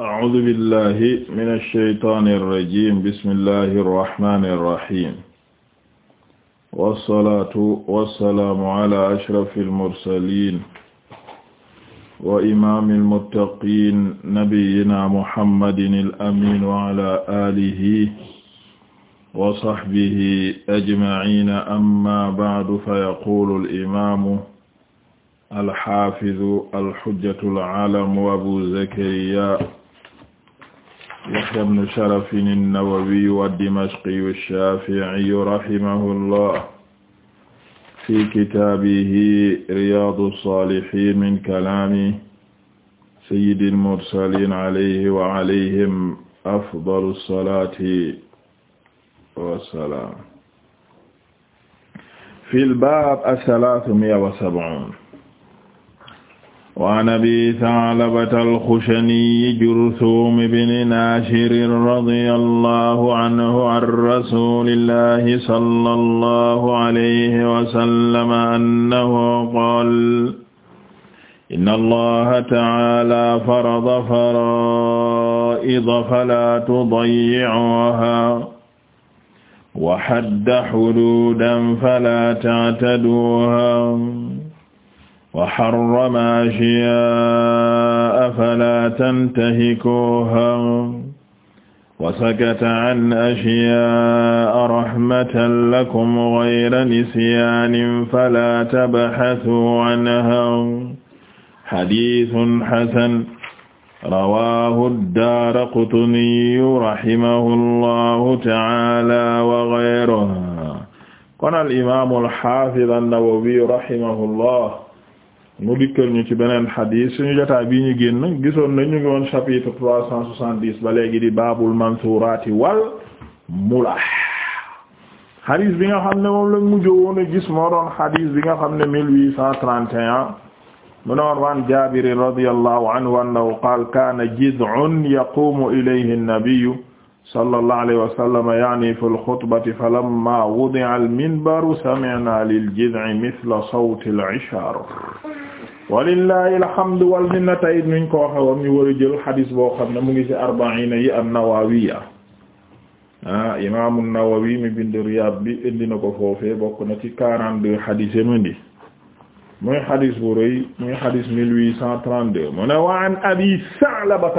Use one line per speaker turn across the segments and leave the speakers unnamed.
أعوذ بالله من الشيطان الرجيم بسم الله الرحمن الرحيم والصلاة والسلام على أشرف المرسلين وإمام المتقين نبينا محمد الأمين وعلى آله وصحبه أجمعين أما بعد فيقول الإمام الحافظ الحجة العالم أبو زكريا Yahya ibn Sharaf an-Nawawi ad-Dimashqi ash-Shafi'i rahimahullah fi kitaabihi Riyaadu as-Saalihiin min kalaami sayyidi al-mursaliin alayhi wa alayhim afdalu as-salaati wa salaam. Fil baab ath-thalaathami'a wa sab'uun waan abi Sa'labata al-Xushani Jurthum ibn Naashir radiyallahu anhu an rasuulillahi sallallahu alayhi wa sallam annahu qaala inna Allaha ta'aala farada faraa'ida falaa tudayyi'uuhaa wa hadda huduudan falaa ta'taduuhaa wa harrama ashya'a fala tantahikuha wa sakata an ashya'a rahmatan lakum ghayra nisyaanin fala tabhathuu anhaa hadiisun hasan rawaahu ad-Daaraqutniyyu rahimahullahu ta'aalaa wa ghayruhu kon al-imaamul haafiz an-Nawawiyyu rahimahullah mu dikkal ñu ci beneen xadiis suñu jotaay bii ñu génn gisoon nañ ñu ngi woon chapitre trois cent soixante-dix ba léegi di baabul mansuuraati wal mulah xadiis bi nga xam ne moom lañ mujj woon a gis moo doon xadiis bi nga xam ne mille huit cent trente et un mu noon waan jaabir radiyallahu anhu annahu qaal kaana jid'un yaqumu ilayhi an-nabiyyu sallallahu alayhi wa sallam yaani fi al-xutbati falammaa wudi'a al-minbaru sami'naa lil-jid'i mithla sawti al-'ishaar walillahi alhamdu wal minna tey nuñ ko waxe woon war a jël xadis boo xam ne mu ngi ci arbaina yi an-Nawawiya ah imaamu Nawawi mi bind Riyaad bi indi na ko foofee bokk na ci quarante-deux xadis yi mu indi muy xadis bu rëy muy xadis mille huit cent trente-deux mu ne wa an Abi Sa'laba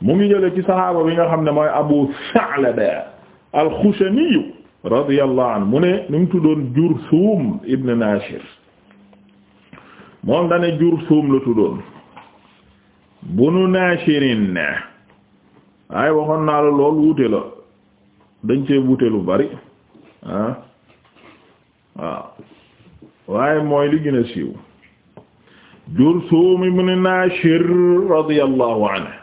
mu ngi jële ci saxaaba bi nga xam ne mooy Abu Sa'laba al-Xushani radiyallahu anhu mu ne nu mu tuddoon Jurthum ibn Nashir moom dane jur suum la tuddoon bunu naashirin ne waaye waxoon naa la lool wuute la dañ cee wuute lu bari ah. waaw waaye mooy li gën a siiw jur suum ibn naashir radiyallahu anhu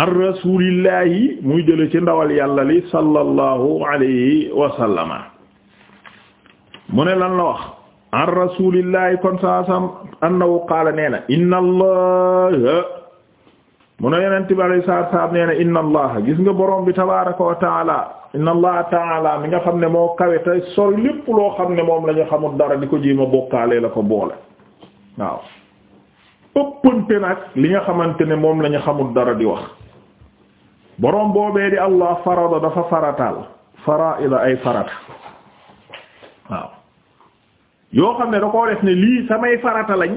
an rasulillahi muy jële ci ndawal yàlla li sallallahu alayhi wa mu ne lan la wax an rasulillahi kon saa nee na inna allaha mu ne yonent bi alay saa saam nee na inna allaha gis nga borom bi tabaraka wa taala inna allaha taala mi nga xam ne moo kawe te sori lépp loo xam ne moom la xamul dara di ko jéem a bokkaalee la ko boole waaw ëppante nag li nga xamante ne moom la xamul dara di wax borom boobee di allah farada dafa farataal faraida ay farata waaw yoo xam ne da koo def ne lii samay farata lañ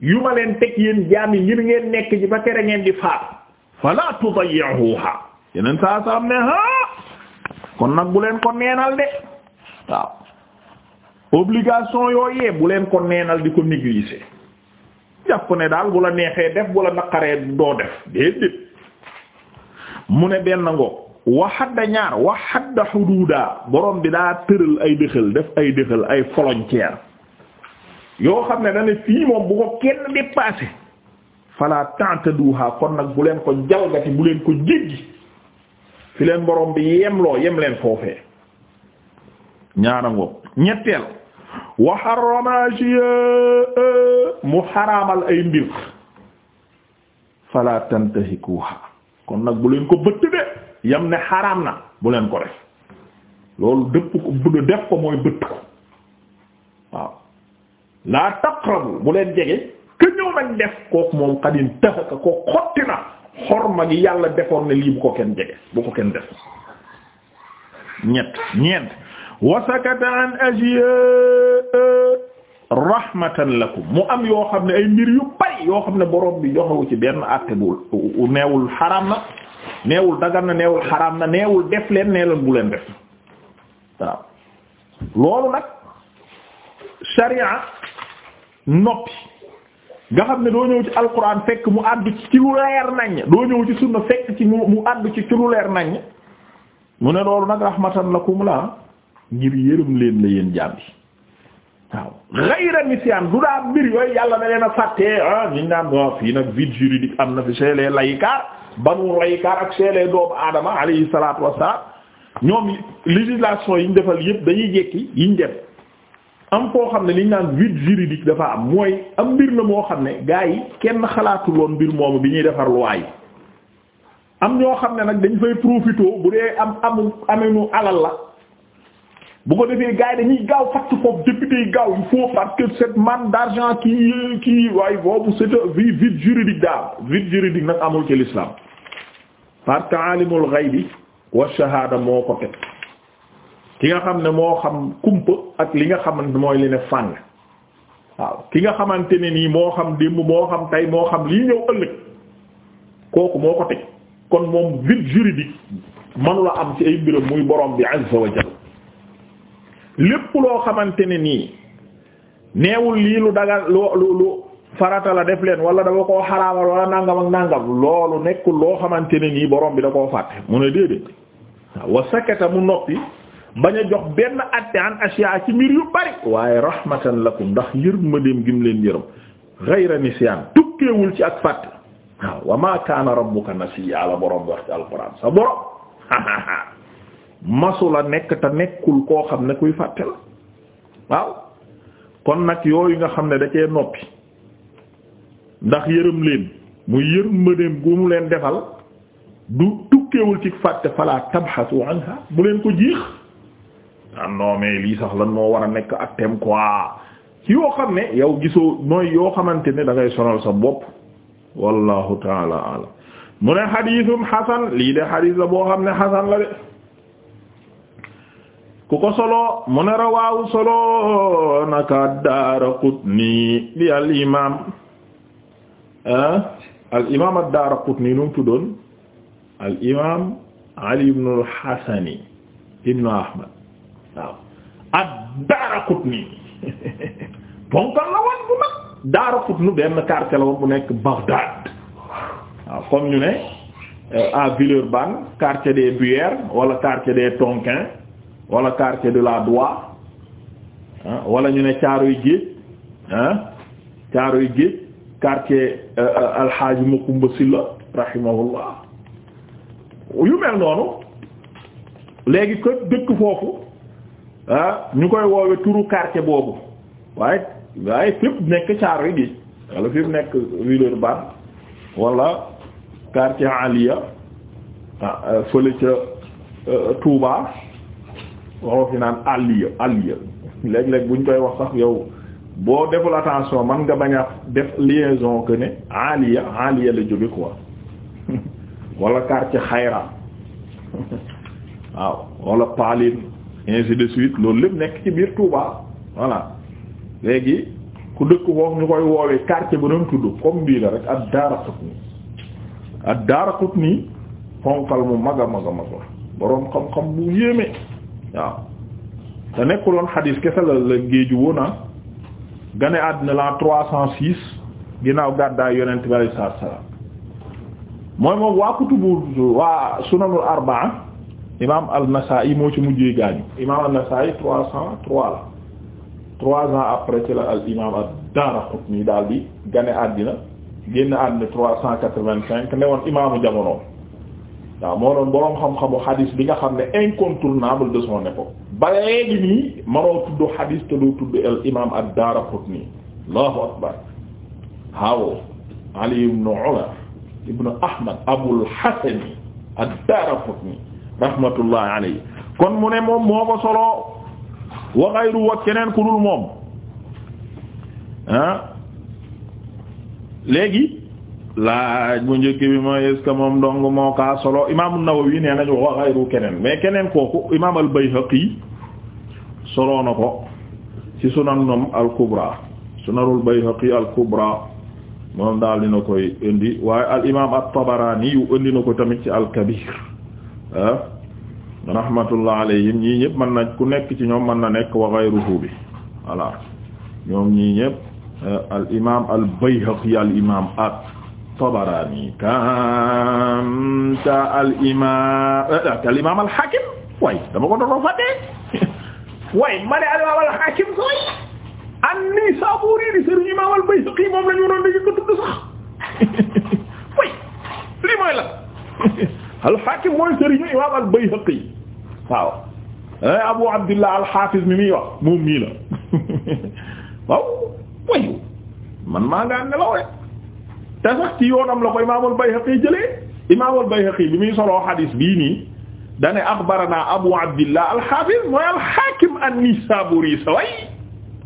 yu ma leen teg yéen jaam yi ngir ngeen nekk ci ba kere ngeen di faatu fala tudayyi'uha yeneen saa saa am ne ha kon nag bu leen ko neenal de waaw obligation yooyee bu leen ko neenal di ko négliger jàpp ne daal bu la neexee def bu la naqaree doo def déedéet mu ne benn ngoo waxadda ñaar waxadda xuduuda borom bi daa tëral ay dëxal def ay dëxal ay frontière yoo xam ne dane fii moom bu ko kenn dépassé fala ta'taduha kon nag bu leen ko jalgati bu leen ko jéggi fi leen borom bi yemloo yem leen foofee ñaara ngoog ñetteel wa harrama mu xaraamal ay mbir fala tantahikuha kon nag bu leen ko bëtt de yam ne xaraam na bu leen ko def loolu dëpp ko def ko mooy bëtt ko waaw laa taqrabu bu leen jege ke ñëw nag def kooku moom xadin taxaka ko xotti na xorma gi yàlla defoon ne lii bu ko kenn jege bu ko kenn def ñett ñeent wasakata ajiya rahmatan lakum mu am yoo xam ne ay mbir yu bari yoo xam ne borom bi joxewu ci benn àtte bu neewul xaraam na neewul dagan na neewul xaraam na neewul def leen nee leen bu leen def waaw loolu nag sharia noppi nga xam ne doo ñëw ci alquran fekk mu àddu ci lu leer naññ doo ñëw ci sunna fekk ci mu mu àddu ci ci lu leer naññ mu ne loolu nag rahmatan lakum la ngir yërëm leen la yéen jàmbi waaw ghayra nisyan du daa mbir yooyu yàlla da leen a fàttee ah ñu naan waaw fii nag vide juridique am na fi seelee laykaar banu laykaar ak seelee doomu aadama alayhi salaatu wassalaam ñoom législation yi ñu defal yëpp dañuy jekki yiñ dem am koo xam ne liñ naan vide juridique dafa am mooy am mbir na moo xam ne gaa yi kenn xalaatul woon mbir moomu bi ñuy defar luwaay am ñoo xam ne nag dañ fay profité bu dee am amu aminu alal la. bu ko defee gars yi dañuy gaaw fàtt foofu député yi gaaw il faut parce que cette d'argent kii kii waaye boobu c'est vide vide juridique daal vide juridique nag amul ci l'islam parce que alimul ghaybi wa moo ko teg ki nga xam ne moo xam kumpa ak li nga xamante mooy li ne fàng waaw ki nga xamante ne nii moo xam démb moo xam tey moo xam lii ñëw ëllëg kooku moo ko teg kon moom vide juridique mënula am ci ay mbiram muy borom bi azza wa lépp loo xamante ne nii neewul lii lu dagal lu lu farata la def leen wala dafa koo xaraamal wala nàngam ak nàngam loolu nekkul loo xamante ne nii boroom bi da koo fàtte mu ne déedéet wa mu noppi bañ a jox benn atte an asiya ci mbir yu bari waaye rahmatan lakum ndax yërmandeem gim leen yërëm ghayra nisyan tukkeewul ci ak fàtte waaw wa ma kaana rabbuka nasiya la borom bi wax ci alquran sa borom masu la nekk te nekkul koo xam ne kuy fàtte la waaw kon nag yooyu nga xam ne da cee noppi ndax yërëm leen mu muy yërmandeem gu mu leen defal du tukkewul ci fàtte fala tabhasu anha bu leen ko jiix ah lii sax lan moo war a nekk ak thème quoi ci yoo xam ne yow gisoo nooy yoo xamante ne da sonal sa bopp wallahu taala alam mu ne xadiisum xasan lii de xadiis la boo xam ne xasan la de ku ko solo mu ne rawaawu solo naka Daaraqutni di al imaam ah, al imaam ad-Daaraqutni nu mu tuddoon al imaam Ali ibn al-Hasani Ahmad waaw ad-Daaraqutni bonkal la woon bu mag Daaraqutni benn quartier la woon bu nekk Bagdad waaw comme ñu ne euh, à Villeurbanne quartier des Buères wala quartier des Tonkin wala quartier de la Doua wala ñu ne Caaroy Géej ah Caaroy Géej quartier euh, euh, alxaaji Makumba Silla rahimahullah yu mel noonu léegi ko dëkk foofu ah ñu koy woowe turu quartier boobu waaye waaye fépp nekk Caaroy Géej wala fépp nekk Villeurbanne wala quartier Aliya euh, fële ca Touba waxoo fi naan àlliya àlliya léeg-léeg buñ koy wax sax yow boo deful attention man nga bañ a def liaison que ne aliya aliya la jóge quoi wala quartier xayra waaw wala Paline ainsi de suite loolu lépp nekk ci biir Touba voilà léegi ku dëkk foofu ñu koy woowee quartier bu doon tudd comme bii la rek ak daraqutni ad-Daraqutni ponkal mu mag a mag a mag la boroom xam-xam bu yéeme. waaw te nekkuloon xadiis kese la la géeju woon ah gane àddina la trois cent six ginnaaw gàddaay yonent bi alayhi salaatu wa salaam mooy moom waa kutubu waa sunanul arbaa imaam an-Nasaa'i moo ci mujjee gaañu imaam an-Nasaa'i trois cent trois ans après ci la al imaam ad-Daaraqutni daal di gane àddina génn àddina trois cent quatre-vingt-cinq ne woon imaamu jamono waaw moo doon boroom xam-xamu xadis bi nga xam ne incontournable de son époque ba léegi nii manoo tudd xadis te doo tudd al imam ad-Daraqutni allahu akbar waaw Ali ibn Umar ibn Ahmad Abul Hasan ad-Daraqutni rahmatullahi alayhi kon mu ne moom moo ko solo wa ghayru wa keneen ku dul moom ah léegi laaj mu njëkk bi mooy est-ce moom dong moo kaa solo imaamu Nawawi nee nañu wa ghayru keneen mais keneen kooku imaam al-Bayhaqi solo ko ci sunanam al-kubra sunanul Bayhaqi al-kubra moom daal dina koy indi waaye al-imaam at-Tabarani yu indi na ko tamit ci al-Kabir ah rahmatullah alayhim ñii ñëpp mën na ku nekk ci ñoom mën na nekk wa ghayruhu bi voilà ñoom ñii ñëpp ah, al-imaam al-Bayhaqi al-imaam at. Tabarani kanta al imaam eh, al imaam al hakim way dama ko doon fàtte way ma ne al imaam al hakim sooy an-Nisaburi di sëriñ imaam al Bayhaqi moom la ñu waroon dañu ko tudd sax way lii mooy la al hakim mooy sëriñu imaam al Bayhaqi waaw eh, Abu Abdillah al Hafiz mi muy wax moom mii la waaw way man maa ngaa nelaw rek te sax ci yoonam la ko imaamul Bayhaqi jëlee imaamul Bayhaqi bi muy soloo xadiis bii nii dane axbarana Abu Abdillah al-Hafiz mooy al-Hakim an-Nisaburi saway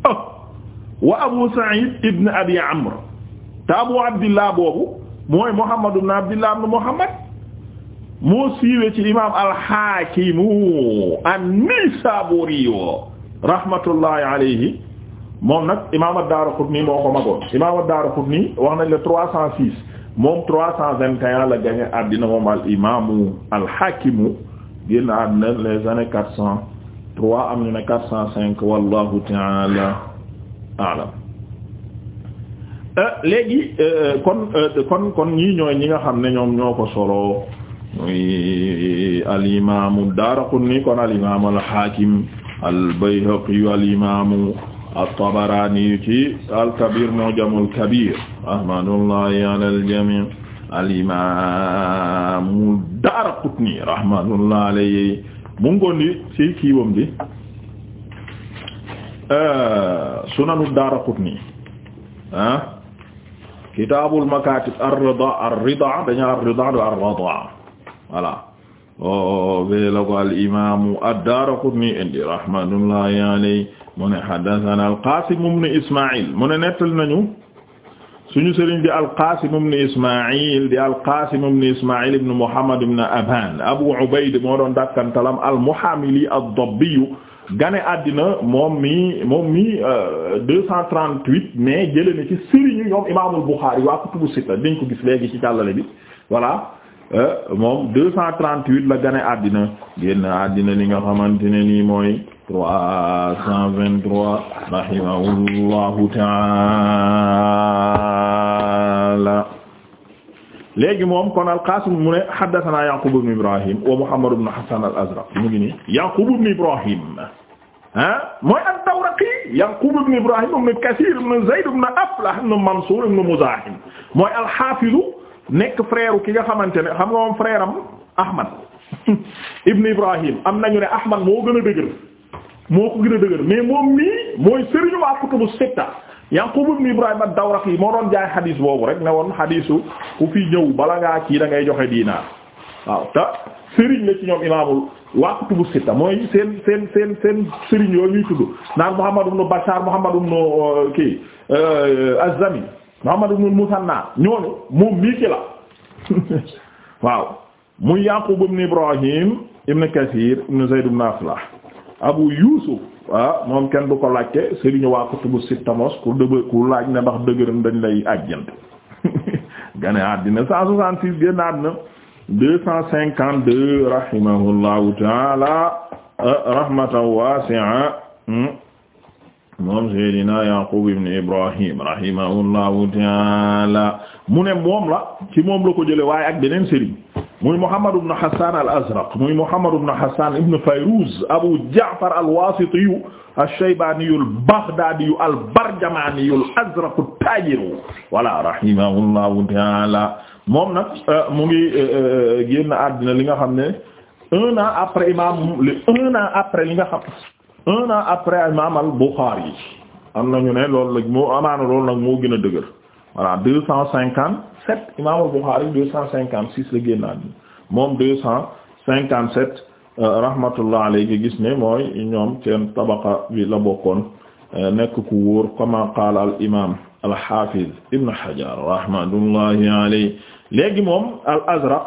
oh. wa Abu Sa'id ibn Abi Amr te Abu Abdillah boobu mooy Muhammad ibn Abdillah ibn Muhammad moo siiwee ci imaam al-Hakim an-Nisaburi rahmatullahi alayhi moom nag imaam ad-Daaraqutni moo ko magoon imaam ad-Daaraqutni wax nañ la trois cent six moom trois cent vingt et la gagné àddina moom al imaamu al-Haakimu génn àddina les années quatre cent trois am ñu ne quatre cent cinq wallahu ta'ala a'lam euh, léegi euh, kon euh, kon kon ñii ñooy ñi nga xam ne ñoom ñoo ko solo muy al imaamu daar daaraqutni kon al imaamu al-Haakim al-Bayhaqi al imaamu at-Tabarani ci al-Kabir Mu'jam al-Kabir rahmatullahi ala al-jami' al-imam Daraqutni rahmatullahi alayhi mu ngoon di ci kiiwam di euh, sunanu Daraqutni ah kitabul makatib ar-rida ar-rida dañu ar-rida do ar-rida voilà o oh, ɓeela ko alimamu ad-Daaraqutni indi rahmatullahi alayhi mu ne haddathana al-Qaasim ibn Ismaa'il mu ne nettal nañu suñu sëriñ di al-Qaasim ibn Ismaa'il di al-Qaasim ibn Ismaa'il ibn Muhammad ibn Abaan Abu Ubayd moo doon dakkantalam al-Muhaamili ad-Dabbi gane àddina moom mi moom mi euh, deux cent trente-huit mais jële na ci sëriñu ñoom imaamul Buxaari waa kutubu sitta dañ ko gis léegi ci jàllale bi voilà Euh, moom deux cent trente-huit la gane àddina génn àddina li nga xamante ne nii mooy trois cent vingt-trois rahimahullahu taala léegi moom kon al-Qasim mu ne haddathana Yaqub ibn Ibrahim wa Muhammad ibn Hasan al-Azraq mu ngi nii Yaqub ibn Ibrahim ah mooy ad-Dawraqi Yaqub ibn Ibrahim ibn Kathir ibn Zayd ibn Aflah ibn Mansur ibn Muzahim mooy al-Hafiz nekk frère ki nga xamante ne xam nga moom frère am Ahmad ibn Ibrahim am nañu ne Ahmad moo gën a dëgër moo ko gën a dëgër mais moom mii mooy sëriñu waa kutubu sitta Yaqub ibn Ibrahim ad-Dawraqi moo doon jaay xadiis boobu rek ne woon xadiisu ku fi ñëw bala ngaa kii da ngay joxe diinaar waaw te sëriñ la ci ñoom imaamul waa kutubu sitta mooy seen seen seen seen sëriñ yooyu ñuy tudd naan Muhammad ibn Bashar Muhammad ibn uh, kii uh, az Muhammad ibn Musanna ñooñu moom mii ci la waaw muy Yaqub ibn Ibrahim ibn Kathir ibn Zayd ibn Aflah Abu Yusuf ah, moom kenn du ko laajte sëriñu waa kutubu sittamos ku dëgg ku laaj ne ndax dëgëram dañ lay àjjant gane àddina cent soixante six génn àddina deux cent cinquante deux rahimahullahu taala rahmatan moom Seydina Yaqub ibn Ibrahim rahimahullahu taala mu ne moom la ci moom la ko jële waaye ak beneen sëriñ muy Muhammad ibn Hassan al-Azraq muy Muhammad ibn Hassan ibn Fayruz Abu Ja'far al-Wasitiyu ash-Shaybaniyu al-Baghdadiyu al-Barjamaniyu al-Azraqu at-Tajiru voilà rahimahullahu taala moom nag euh, mu ngi euh, euh, génn àddina li nga xam ne un an imam li nga xam un an après imam al Bukhari am na ñu ne loolu la moo amaana loolu nag moo gën a dëgër voilà deux cent cinquante sept imam al Bukhari deux cent cinquante six la génnaat moom deux cent cinquante sept euh, rahmatullah alayhi gis ne mooy ñoom seen tabaqa la bokkoon euh, nekk ku wóor kama qaala al imam al hafiz ibn Hajar rahmatullahi alayhi léegi moom al Azraq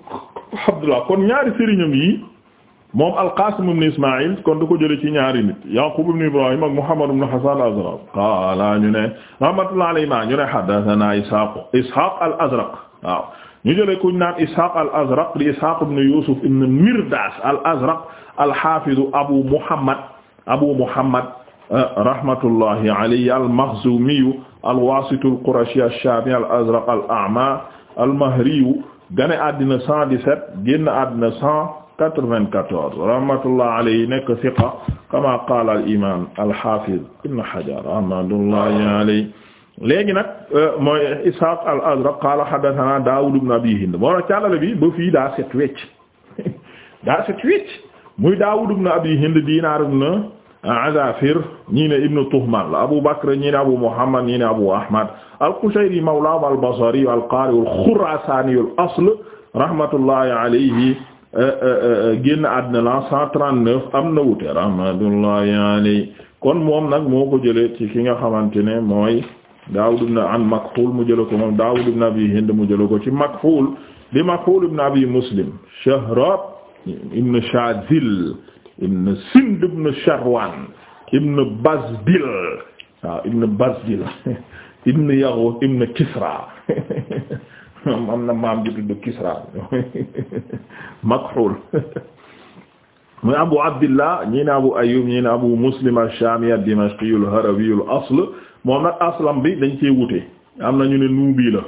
Abdullah kon ñaari sëriñam yi moom alqasim ibn ismail kon du ko jële ci ñaari nit yaqub ibn ibrahim ak muhammad ibn hasan al azraq qaala ñu ne rahmatullah alayhima ñu ne hadathana ishaq ishaq al azraq waaw ñu jële kuñ naan ishaq al azraq di ishaq ibn yusuf ibn mirdas al azraq al hafiz abu muhammad abu muhammad eh, rahmatullahi alayhi al makhzumi al wasit al qurashi al shami al azraq al a'ma al mahri gane àddina 117 génn àddina 100 94 rahmatullah alayhi nekk siqa kama qaala al imam alhafiz ibn hajar rahmatullahi alayhi léegi nag euh, mooy ishaq al azraq qaala hadathana daawud ibn abi hind moo tax càllale bi ba fii daa set wecc daa set wecc muy daawud ibn abi hind diinaar ibn azafir ñii ne ibnu tuhman la abou bakr ñii ne abou muhammad ñii ne abou ahmad al-qushayri mawla al-basri al-qari al-khurasani al-asl rahmatullahi alayhi Euh, euh, euh, génn àddina la 139 am na wute rahmatullahi kon moom nag moo ko jëlee ci ki nga xamante ne mooy Daawud ibn an Makhul mu jëlee ko moom Daawud ibn Abi Hind mu jëlee ko ci Makhul di Makhul ibn Abi Muslim Shahrab ibn Shadhil ibn Sind ibn Sharwan ibn Bazdil waaw Kisra am na maam ju tudd Kisra Makhul muy Abu Abdillah ñii Abu Ayyub ñii Abu Muslim ash-Shami ad-Dimashqi al-Harawi al-asl moom nag aslam bi dañ cee am na ñu ne nuubi la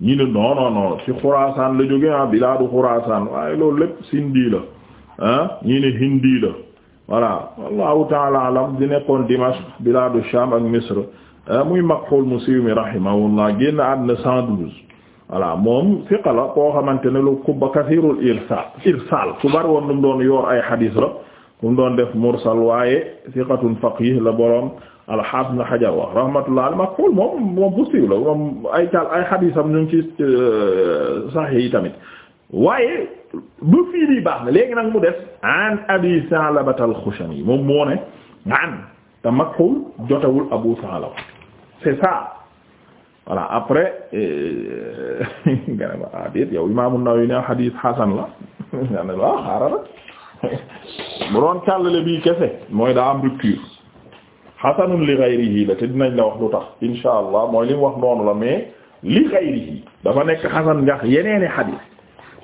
ñu ne non non non ci Xuraasaan la ah, waaye loolu lépp sindii ah ñii ne hindi la voilà ta'ala alam di nekkoon Dimashq bilaadu Sham ak Misr ah, muy Makhul mu siiw mi rahimahullah génn àddina 112 voilà moom fiqa la koo xamante ne lu kubba kasirul irsal irsal ku bari woon lu mu doon yoor ay xadiis la lu mu doon def mursal waaye fiqatun faqih la boroom alxaafis na xajar wax rahmatullah al maqul moom moom siiw la moom ay caal ay xadiisam ñu ngi ci euh, yi tamit waaye bu fii nii baax na léegi nag mu def an abi Sa'laba al-Xushani moom moo ne an te maqul jotewul abu Sa'laba c'est ça voilà après euh, nga ne ma ah déet yow Imaamu Nawawi ne hadith hasan la nga bu ah, doon càllale bii kese mooy daa am rupture hasanun li ghayrihi la te dinañ la wax lu tax insha allah mooy li wax noonu la mais li ghayrihi dafa nekk hasan ndax yeneeni hadith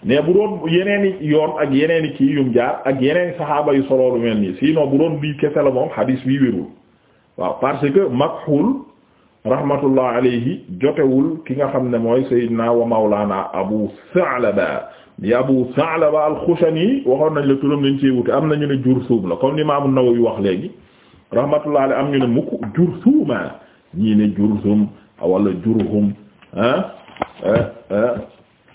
mais bu doon yeneeni yoon ak yeneeni kii yum jaar ak yeneeni saxaaba yu soloolu mel nii sinon bu doon bii kese la moom hadith bii wérul waaw parce que makhul rahmatullah alayhi jotewul ki nga xam ne mooy sayyidina wa mawlana abu Sa'laba di abu Sa'laba al-Khushani waxoon nañ la turam lañ ci wute am na ñu ne Jurthum la comme ni Imam an yu wax léegi rahmatullah alayhi am ñu ne mukk Jurthuma ñii ne Jurthum wala Jurhum ah, ah, ah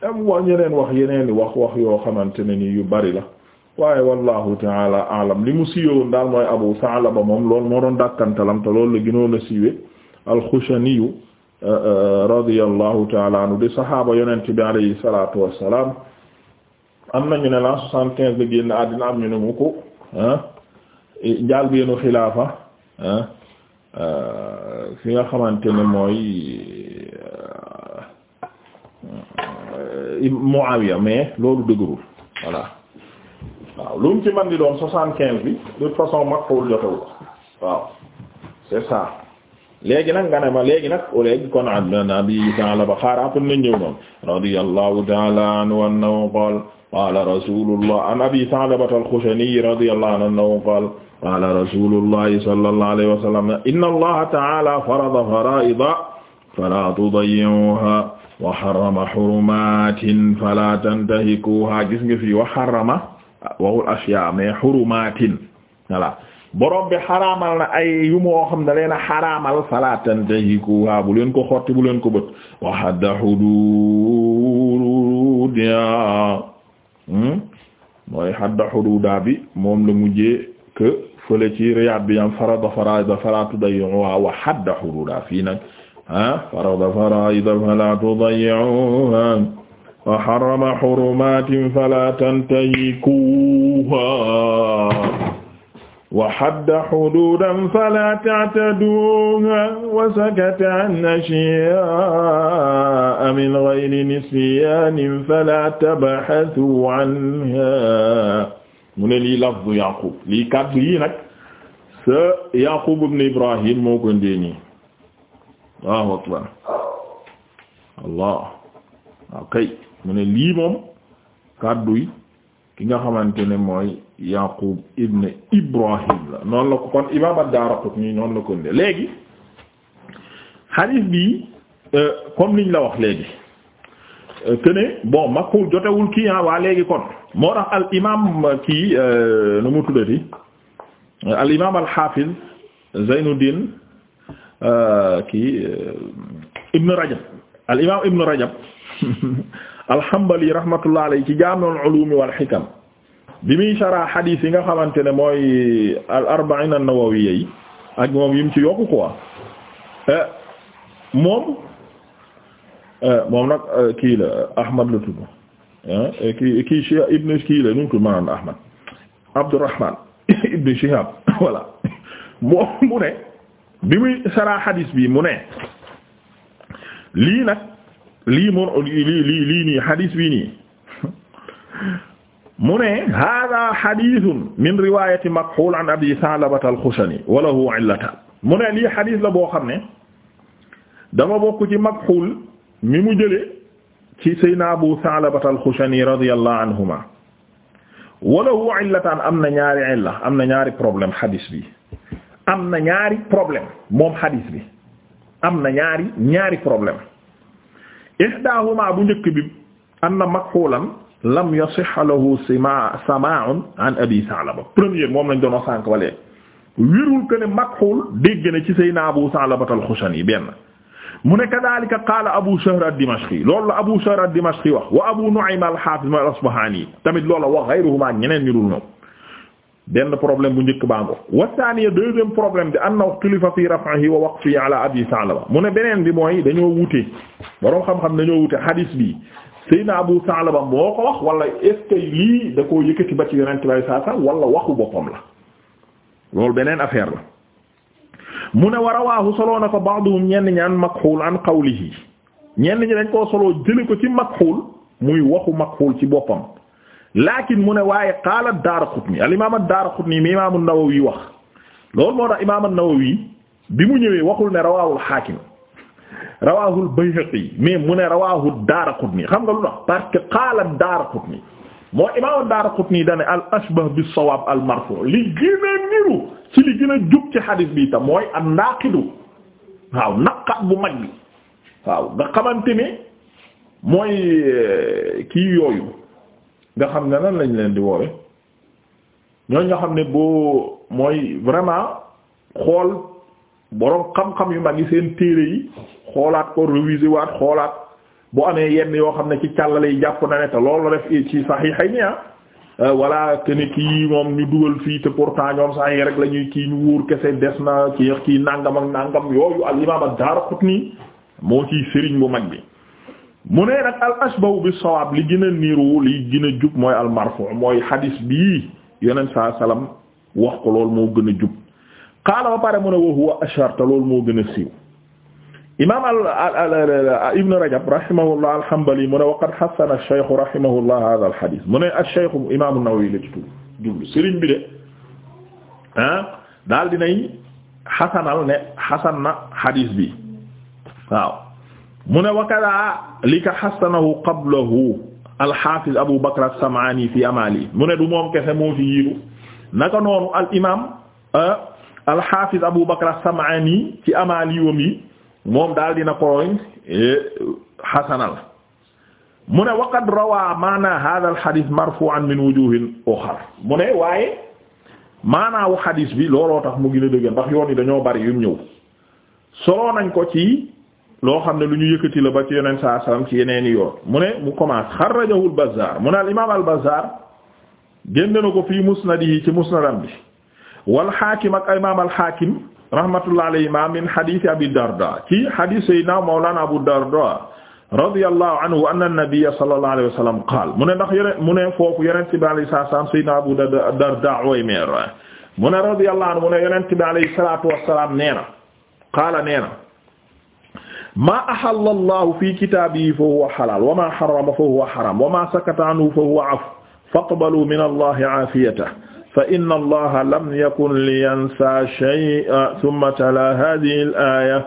am wa ñeneen wax yeneen wax wax yoo xamante ne ni yu bari la waaye wallahu taalaa a'lam li mu siiwoon daal mooy abu Sa'laba moom loolu moo doon dàkkantalam te loolu la gënoon a siiwee alxushaniyu uh, uh, radiyallahu taala anhu di saxaaba yonent bi alayhi salaatu wassalaam am nañu ne la soixante-quinze la génn àddina am ñu ne mu ko ah, njaal beenu xilaafa ah, uh, fi nga xamante ne mooy Muawiya mais loolu dëgërul voilà waaw lu mu ci man di doon soixante-quinze bi de toute façon mag xawul jotewul waaw c'est ça léegi nag nga ne ma léegi nag léegi kon abi Sa'laba xaaraa pour na ñëw noonu radiyallahu ta'ala anhu annahu qaala qaala rasulullah an abi Sa'laba al-Xushani radiyallahu anhu annahu qaala qaala rasulullahi sallallahu alayhi wa sallam inna allaha ta'ala farada faraa'idan falaa tudayyi'uuhaa wa harrama hurumaatin falaa tantahikuuhaa gis nga fii wa harrama waxul ashyaa mais hurumaatin voilà borom bi xaraamal na ay yu moo xam ne leen a xaraamal fala tantahikuha bu leen ko xotti bu leen ko bët wa hadda huduudiha hmm? mooy hadda huduuda bi moom la mujjee que fële ci Riyad bi yam farada fara'ida fala tudayyi'uha wa hadda huduuda fii nag ah farada fara'ida fala tudayyi'uha wa harrama hurumatin fala tantahikuha wa hadda huduudan falaa ta'taduuhaa wa sakata an ashyaa'a min ghayri nisyaanin falaa tabhasuu anhaa mu ne lii lafdu Yaaqub lii kàddu yii nag sa Yaaqub ibn Ibrahim moo ko ndee nii Allahu akbar Allah okay mu ne lii moom kàddu yi ki nga xamante ne mooy Yaqub ibn Ibrahim la noonu la ko kon imaam ad-Daraqutni noonu la ko léegi hadith bi euh, comme liñ la wax léegi euh, que ne bon makul jotewul kii ah waa léegi kon moo tax al imaam kii euh, nu mu tuddati al imaam al hafiz Zaynuddin kii Ibn Rajab al imaam Ibn Rajab. alhambali rahmatullah alayhi ci jaami'ul ulumi wal hikam bi muy sara hadith yi nga xamante ne mooy al arba'in an-nawawiyya yi ak moom yim ci yokku quoi eh, moom eh, moom nag eh, kii la ahmad la tudd kii kii Shihab ibn kii la nu mu tudd maanaam ibn Shihab voilà moom mu ne bi muy sara hadith bi mu ne lii nag lii mu lii lii lii nii xadiis bii nii mu ne hada xadiisun min riwaayati Makxuul an Abi Sa'labata al-Xushani wa lahu illataan mu ne lii xadiis la boo xam ne dafa bokk ci Makxuul mi mu jëlee ci Seydina Abu Sa'labata al-Xushani radiyallahu anhuma wa lahu illataan am na ñaari illa am na ñaari problème xadiis bi am na ñaari problème moom xadiis bi am na ñaari ñaari problème ihdahuma bu njëkk bi anna maqhulan lam yasihha lahu sima sama'un an abi Sa'laba première moom lañ doon sànq walee wérul que ne maqhul dégg na ci sayna Abu Sa'laba al-Khushani benn mu ne kadhalika qaala Abu Shahr ad-Dimashqi loolu la Abu Shahr ad-Dimashqi wax wa Abu Nu'aym al-Hafiz al-Asbahani tamit loolu la wax ghayruhuma ñeneen ñu dul ñoom benn problème bu njëkk baa ngo wa thaniya deuxième problème bi anna waxtulifa fi raf'ihi wa waqfihi ala abi Sa'laba mu ne beneen bi mooy dañoo wute boroom xam-xam dañoo wute hadis bi Seydina Abu Sa'laba moo ko wax wala est lii da koo yëkkati ba ci yonent bi saa saa wala waxu boppam la loolu beneen affaire la mu ne wa rawaahu soloo na ko ba'duhum ñenn ñi an Makxuul an qawlihi ñenn ñi dañ koo soloo jële ko ci Makxuul muy waxu Makxuul ci boppam laakin mu ne waaye qaala ad-Daaraqutni al imaam ad-Daaraqutni mi imaam an-Nawawi wax loolu moo tax imaam an-Nawawi bi mu ñëwee waxul ne rawaahul Haakim rawaahul Bayhaqi mais mu ne rawaahu ad-Daaraqutni xam nga lu tax parce que qaala ad-Daaraqutni moo imaam ad-Daaraqutni dane al ashbah bis-sawaab al-marfuu' li gën a niru ci li gën a jub ci xadiis bi tam mooy an-naaqidu waaw naqat bu mag bi waaw nga xamante ni mooy euh, kii yooyu. nga xam ne lan lañ leen di woowe ñooñ nga xam ne boo mooy vraiment xool boroom xam-xam yu mag yi seen téere yi xoolaat ko réviser waat xoolaat bu amee yenn yoo xam ne ci càllale yi jàpp na ne te loolu def ci saxiixa yi ah euh, voilà que ne kii moom ñu dugal fii te pourtant ñoom sax yi rek la ñuy kii ñu wóor kese des na kii kii nàngam ak nàngam yooyu al imaam ad-Daaraqutni moo ciy sëriñ bu mag bi mu ne nag al ashbahu bi sawaab li gën a niiru li gën a jub mooy al marfu mooy xadis bii yeneen saa salaam wax ko loolu moo gën a jub qaala ba pare mu ne wa huwa ashhar te loolu moo gën a siiw. imaam al al ibn rajab rahimahullah al hanbali mu ne wa qad hassana ash-shaykh rahimahullah hadha al hadith mu ne ash-shaykh imaam an-nawawi la ci tudd jublu sëriñ bi de ah daal dinay xasanal ne xasan na xadis bi waaw. mu ne wakada li ka xasanahu qablahu alxaafiz abu bakr as-sam'ani fi amali mu ne du moom kese moo fi yiiru naka noonu al imaam euh, alxaafiz abu bakr as-sam'ani ci amali wam yi moom daal dina koroñ euh, xasanal mu ne waqad rawaa maana hadha al xadis marfu'an min wujuhin uxar mu ne waaye maanaawu xadis bi looloo tax mu gën a dëgg ndax yoon yi dañoo bari yu ñëw solo nañ ko ci loo xam ne lu ñu yëkkati la ba ci yeneen saa salaam ci yeneen i yoon mu ne mu commence xarrajahul Bazzaar mu ne al imaam al Bazzaar génne na ko fii musnadihi ci musnadam bi wal Haakim ak imaam al Haakim rahmatullah alayhima min hadith Abi Darda ci hadith Seydina Mawlana Abu Darda radiyallahu anhu anna an-nabiyya sallallahu mu ne ndax yeneen mu ne foofu yeneen ci baal yi saa salaam Seydina Abu Darda Uwaymir mu ne radiyallahu anhu mu ne yeneen ci baal yi salaatu wa salaam nee na qaala nee maa ahalla allahu fi kitaabihi fa huwa xalaal wa maa xarama fa huwa xaram wa maa sakata anhu fa huwa af faqbalu min allahi aafiyata fa inna allaha lam yakun liyansa shay'an thumma tala hadihi al-aaya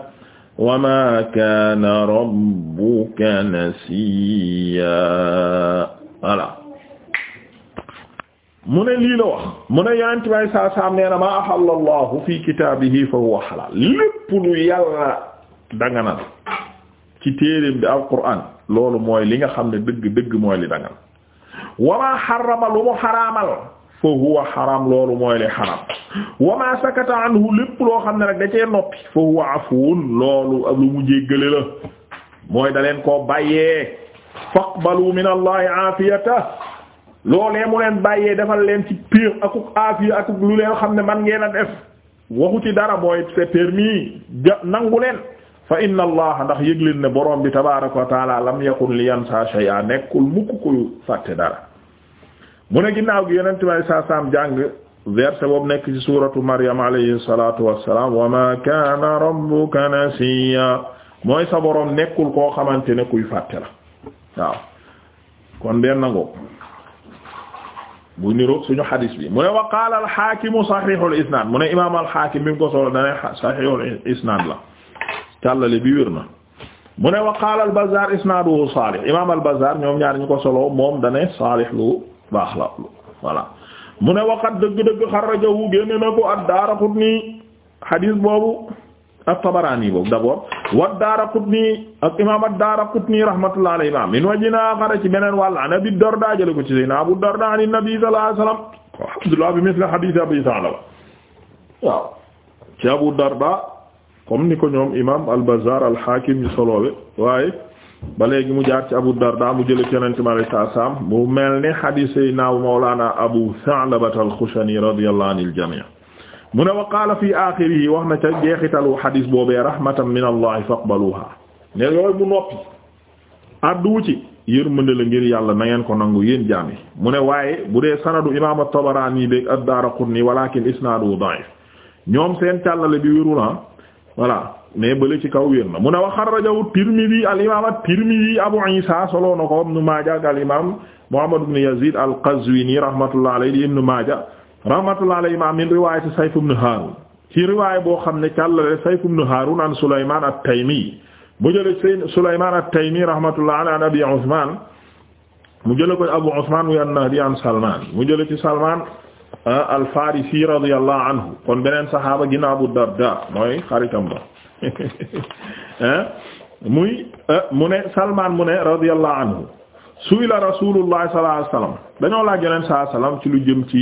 wa maa kaana rabbuka nasiya voilà mu ne lii la wax mu ne yonent bay saa saam nee na maa ahalla allahu fi kitaabihi fa huwa xalaal lépp lu yàlla danga na ci téereem bi alquran loolu mooy li nga xam ne dëgg dëgg mooy li dangal wamaa xarama lu mu xaraamal fa huwa xaram loolu mooy li xaram wamaa sakata anhu lépp loo xam ne rek da cee noppi fa huwa afuun loolu lu mu jéggale la mooy da leen koo bàyyee faqbalu min allahi aafiyata loolee mu leen bàyyee defal leen ci piir akuk aafiya akuk lu leen xam ne man ngeen a def waxu ci dara mooy c'est permis nangu leen fa inna allah ndax yëgleen ne borom bi tabaaraka wa taala lam yakun li yansa shay'a nekkul mukk kuy fàtte dara mu ne ginnaaw gi yonent may saa saam jàng verset boobu nekk ci suuratu maryam alayhi salaatu wassalaam wa ma kaana rabbuka nasiya mooy sa borom nekkul koo xamante ne kuy fàtte la waaw kon benn ngoog bu niroog suñu xadis bi mu ne wa qaala al-Haakim sahihul isnaad mu ne imaam al-Haakim mi ngi ko solo dana sahihul isnaad la càllale bi wér na mu ne wa qaala al-Bazzaar isnaaduhu saalih imaam al-Bazzaar ñoom ñaar ñu ko solo moom dane saalih lu baax la voilà mu ne waqat dëgg-dëgg xarajahu génne na ko ad-Daaraqutni xadiis boobu ak Tabaraani boobu d'abord wa ad-Daaraqutni ak imaam ad-Daaraqutni rahmatullahi alayhi imaam min wajina xara ci beneen wàll an Abi Dardaa jële ko ci Seydina Abu Dardaa an Nabi sallallahu alayhi wasallam alhamdulillah bi misli xadiis Abi Sa'laba waaw ci Abu Dardaa comme ni ko ñoom imam al-Bazzar al-Hakim ñu soloowe waaye ba léegi mu jaar ci Abu Darda mu jële ci yonente mu mel ni hadiis yi naaw mawlaana Abu Sa'laba al-Khushani radiyallahu anil jamii' mu ne wa qaala fii wax na ca jeexitalu hadiis boobee rahmatan min Allah faqbaluha ne yooyu mu noppi addu ci yërmande la ngir yàlla nangeen ko nangu yéen jaam mu ne waaye bu dee sanadu imaam at-Tabarani beeg ad-Daraqutni walakin isnaaduhu da'if ñoom seen tallale voilà mais bële ci kaw wér na mu ne wa xarajahu Tirmidhi al Abu Isa solo na ko Ibn Maaja ak al imam Maaja rahmatullah alayhi min riwaayati Sayf ibn Haarun ci riwaaya boo xam ne càllale Sayf ibn Haarun an Sulaymaan at-Taymi mu jële Sayyid Sulaymaan at-Taymi mu jële ko Abu Usmaan wa Salmaan Ah, al-Farisi radiyallahu anhu kon beneen saxaaba ginnaaw Abu Darda mooy xaritam ba ah, muy ah, mu ne Salman mu ne radiyallahu anhu su'ila Rasulullah sallallahu alayhi wasallam dañoo laaj Yonent sallallahu alayhi ci lu jëm ci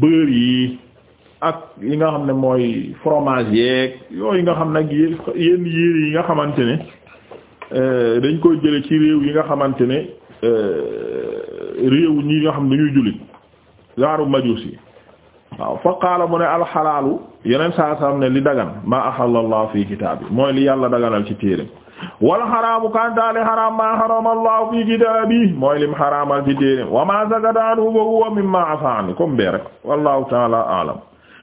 beurre yi ak yi nga xam ne mooy fromage yeeg yooyu nga xam nag yenn yére yi nga xamante ne eh, dañ koy jële ci réew yi nga xamante ne eh, réew ñi nga xam ne dañuy jullit genre majusi waaw fa qaala mu ne alxalaalu yeneen saa saam ne li dagan maa axalla allah fi kitaabi mooy li yàlla daganal ci téereem wal xaraamu kantaale xaraam maa xarama allah fi kitaabi mooy lim xaraamal ci téereem wa maa zakata anhu fa huwa mimma afaani comme bee wallahu taala alam